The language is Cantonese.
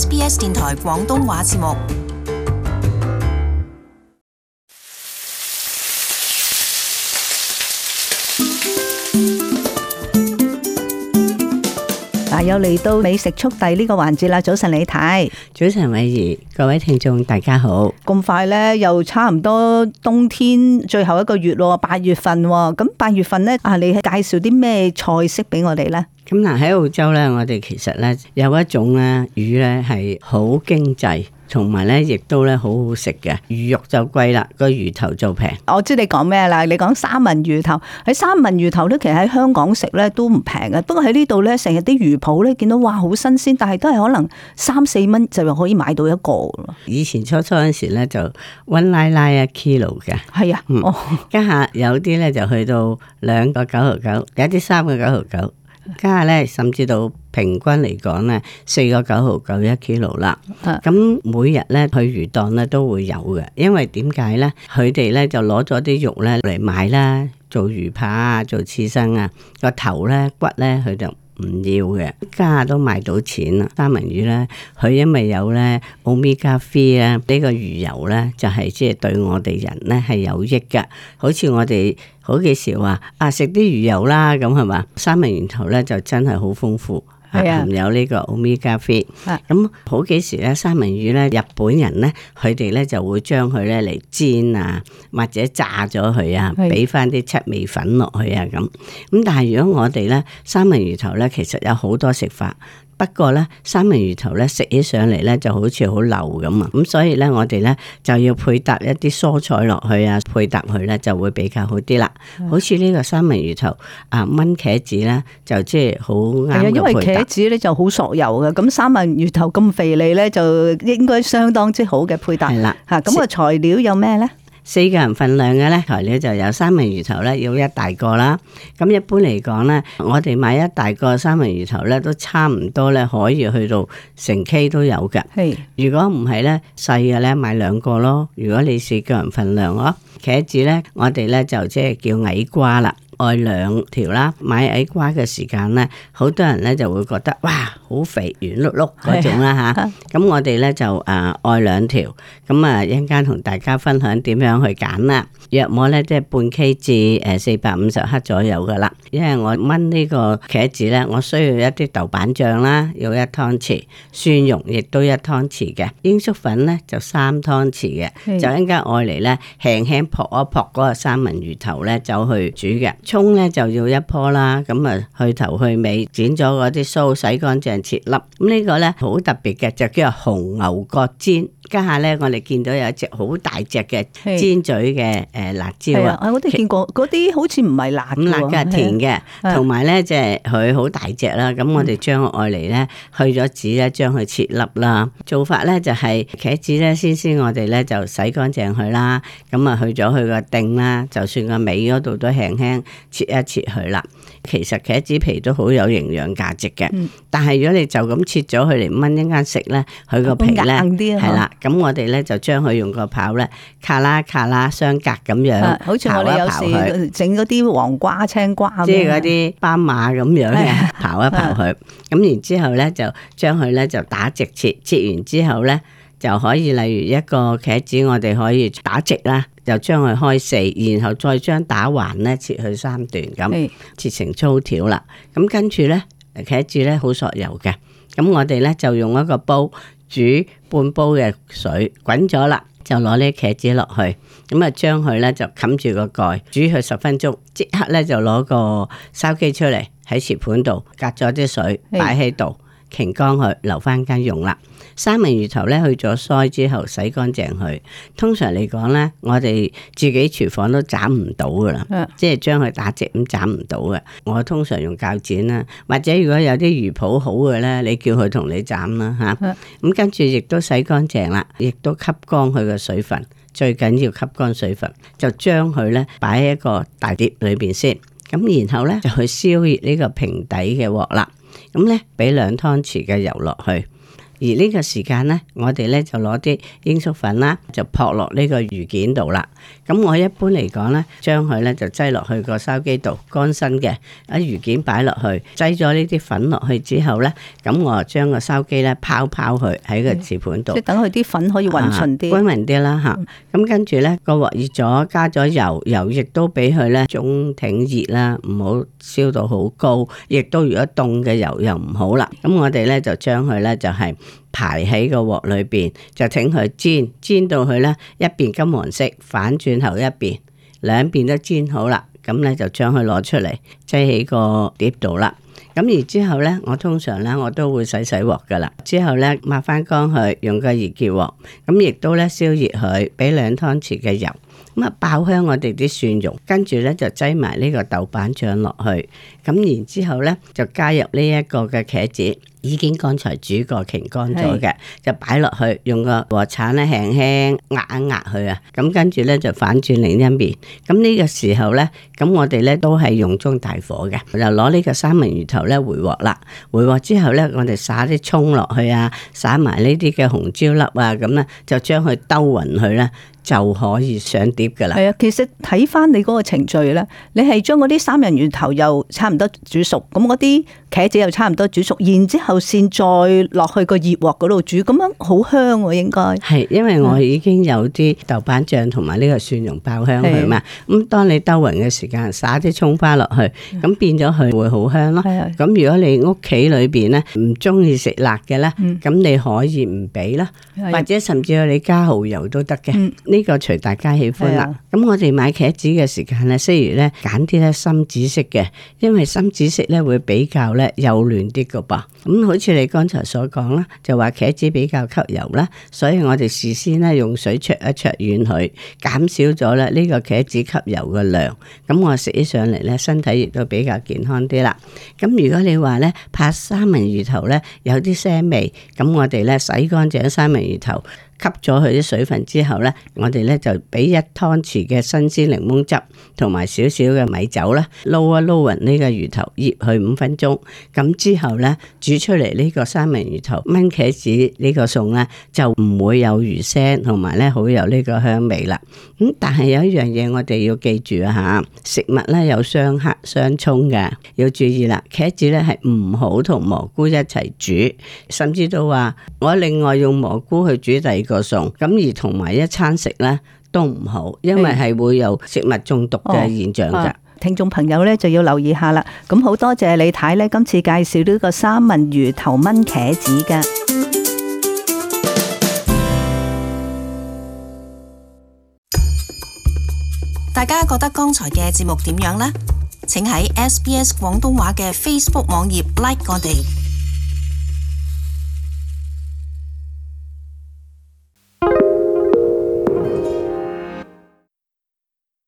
SBS 電台廣東話節目。又嚟到美食速遞呢個環節啦！早晨李太，早晨偉儀，各位聽眾大家好。咁快呢，又差唔多冬天最後一個月咯，八月份。咁八月份呢，啊，你介紹啲咩菜式俾我哋呢？咁嗱，喺澳洲呢，我哋其實呢有一種呢魚呢係好經濟。同埋咧，亦都咧好好食嘅魚肉就貴啦，個魚頭就平。我知你講咩啦。你講三文魚頭，喺三文魚頭咧其實喺香港食咧都唔平啊！不過喺呢度咧，成日啲魚鋪咧見到哇好新鮮，但係都係可能三四蚊就可以買到一個。以前初初嗰時咧就 one 奶奶啊 kilo 嘅，係啊，嗯、哦，家下有啲咧就去到兩個九毫九，有啲三個九毫九。家下咧，甚至到平均嚟講咧，四個九毫九一 kilo 啦。咁、啊、每日咧，去魚檔咧都會有嘅，因為點解咧？佢哋咧就攞咗啲肉咧嚟賣啦，做魚扒、做刺身啊，個、啊、頭咧、骨咧，佢就。唔要嘅，家下都賣到錢啦。三文魚呢，佢因為有呢，Omega 3呢，呢個魚油呢，就係即係對我哋人呢係有益㗎。好似我哋好幾時話啊，食啲魚油啦，咁係嘛？三文魚頭呢，就真係好豐富。係啊，有呢個 omega three，咁好幾時咧？三文魚咧，日本人咧，佢哋咧就會將佢咧嚟煎啊，或者炸咗佢啊，俾翻啲七味粉落去啊，咁咁是但係如果我哋咧三文魚頭咧，其實有好多食法。不過咧，三文魚頭咧食起上嚟咧，就好似好流咁啊！咁所以咧，我哋咧就要配搭一啲蔬菜落去啊，配搭佢咧就會比較好啲啦。好似呢個三文魚頭啊，炆茄子咧就即係好啱。因為茄子咧就好索油嘅，咁三文魚頭咁肥膩咧就應該相當之好嘅配搭。係啦的，吓咁個材料有咩咧？四個人份量嘅，呢材料就有三文魚頭呢，要一大個啦。咁一般嚟講呢，我哋買一大個三文魚頭呢都差唔多呢可以去到成 K 都有嘅。係如果唔係呢，細嘅呢買兩個咯。如果你四個人份量咯，茄子呢，我哋呢就即係叫矮瓜啦。愛兩條啦，買矮瓜嘅時間呢，好多人呢就會覺得哇，好肥圓碌碌嗰種啦吓。咁、 啊、我哋呢就誒愛、呃、兩條，咁啊一陣間同大家分享點樣去揀啦。約莫呢，即、就、係、是、半 K 至誒四百五十克左右噶啦。因為我炆呢個茄子呢，我需要一啲豆瓣醬啦，要一湯匙蒜蓉，亦都一湯匙嘅。鷹粟粉呢，就三湯匙嘅，是就一陣間愛嚟呢，輕輕撲一撲嗰個三文魚頭呢，走去煮嘅。蔥咧，就要一棵啦，咁啊去頭去尾，剪咗嗰啲鬚，洗乾淨切粒。咁、這、呢個咧好特別嘅，就叫做紅牛角尖。家下咧我哋見到有一隻好大隻嘅尖嘴嘅誒辣椒啊！啊我哋見過嗰啲好似唔係辣嘅，甜嘅，同埋咧即係佢好大隻啦。咁我哋將愛嚟咧去咗籽咧，將佢切粒啦。做法咧就係茄子咧，先先我哋咧就洗乾淨佢啦，咁啊去咗佢個頂啦，就算個尾嗰度都輕輕。切一切佢啦！其實茄子皮都好有營養價值嘅，嗯、但係如果你就咁切咗佢嚟炆一間食咧，佢個皮咧硬啲係啦。咁我哋咧就將佢用個刨咧卡啦卡啦相隔咁樣刨一刨佢，好似我哋有時整嗰啲黃瓜、青瓜即係嗰啲斑馬咁樣嘅的刨一刨佢。咁的的然之後咧就將佢咧就打直切，切完之後咧，就可以例如一個茄子，我哋可以打直啦，就將佢開四，然後再將打橫咧切去三段咁，切成粗條啦。咁跟住咧，茄子咧好索油嘅，咁我哋咧就用一個煲煮半煲嘅水滾咗啦，就攞呢茄子落去，咁啊將佢咧就冚住個蓋煮佢十分鐘，即刻咧就攞個筲箕出嚟喺切盤度隔咗啲水擺喺度。乾乾佢留翻間用啦。三文魚頭咧去咗腮之後，洗乾淨佢。通常嚟講咧，我哋自己廚房都斬唔到噶啦，的即係將佢打直咁斬唔到嘅。我通常用鉸剪啦，或者如果有啲魚鋪好嘅咧，你叫佢同你斬啦吓。咁、啊、的跟住亦都洗乾淨啦，亦都吸乾佢嘅水分，最緊要吸乾水分，就將佢咧擺喺一個大碟裏邊先。咁然後咧就去燒熱呢個平底嘅鑊啦。咁咧，畀兩湯匙嘅油落去。而呢個時間呢，我哋呢就攞啲鷹粟粉啦，就撲落呢個魚件度啦。咁我一般嚟講呢，將佢呢就擠落去個筲箕度，乾身嘅，喺魚件擺落去，擠咗呢啲粉落去之後呢，咁我啊將個筲箕呢拋拋佢喺個瓷盤度、嗯。即等佢啲粉可以混勻啲、啊。均勻啲啦嚇。咁、嗯啊、跟住呢，個鑊熱咗，加咗油，油亦都俾佢呢中挺熱啦，唔好燒到好高。亦都如果凍嘅油又唔好啦。咁我哋呢就將佢呢就係、是。排喺個鑊裏邊，就請佢煎，煎到佢呢一邊金黃色，反轉後一邊，兩邊都煎好啦，咁呢，就將佢攞出嚟，擠喺個碟度啦。咁而之後呢，我通常呢，我都會洗洗鑊噶啦，之後呢，抹翻乾佢，用個熱結鑊，咁亦都呢，燒熱佢，俾兩湯匙嘅油。咁啊，爆香我哋啲蒜蓉，跟住咧就擠埋呢個豆瓣醬落去，咁然之後咧就加入呢一個嘅茄子，已經剛才煮過、擎乾咗嘅，是就擺落去，用個鑊鏟咧輕輕壓一壓佢啊，咁跟住咧就反轉另一面，咁、這、呢個時候咧，咁我哋咧都係用中大火嘅，就攞呢個三文魚頭咧回鑊啦，回鑊之後咧，我哋撒啲蔥落去啊，撒埋呢啲嘅紅椒粒啊，咁啦，就將佢兜匀佢啦。就可以上碟噶啦。係啊，其實睇翻你嗰個程序咧，你係將嗰啲三文魚頭又差唔多煮熟，咁嗰啲茄子又差唔多煮熟，然之後先再落去個熱鑊嗰度煮，咁樣好香喎、啊、應該。係，因為我已經有啲豆瓣醬同埋呢個蒜蓉爆香佢嘛。咁的當你兜匀嘅時間，撒啲蔥花落去，咁變咗佢會好香咯。係啊。咁的如果你屋企裏邊咧唔中意食辣嘅咧，咁你可以唔俾啦，或者甚至你加蚝油都得嘅。的呢個隨大家喜歡啦。咁、啊、我哋買茄子嘅時間咧，適宜咧揀啲咧深紫色嘅，因為深紫色咧會比較咧幼嫩啲噶噃。咁好似你剛才所講啦，就話茄子比較吸油啦，所以我哋事先咧用水焯一焯軟佢，減少咗啦呢個茄子吸油嘅量。咁我食起上嚟，咧，身體亦都比較健康啲啦。咁如果你話咧怕三文魚頭咧有啲腥味，咁我哋咧洗乾淨三文魚頭。吸咗佢啲水分之後呢，我哋呢就俾一湯匙嘅新鮮檸檬汁，同埋少少嘅米酒啦，撈一撈勻呢個魚頭，醃佢五分鐘。咁之後呢煮出嚟呢個三文魚頭炆茄子呢個餸呢，就唔會有魚腥，同埋呢好有呢個香味啦。咁但係有一樣嘢我哋要記住啊嚇，食物呢有相克相沖嘅，要注意啦。茄子呢係唔好同蘑菇一齊煮，甚至都話我另外用蘑菇去煮第二。個咁而同埋一餐食呢都唔好，因為係會有食物中毒嘅現象噶、嗯哦啊。聽眾朋友呢就要留意下啦。咁好多謝李太呢，今次介紹呢個三文魚頭炆茄子噶。大家覺得剛才嘅節目點樣呢？請喺 SBS 廣東話嘅 Facebook 網頁 like 我哋。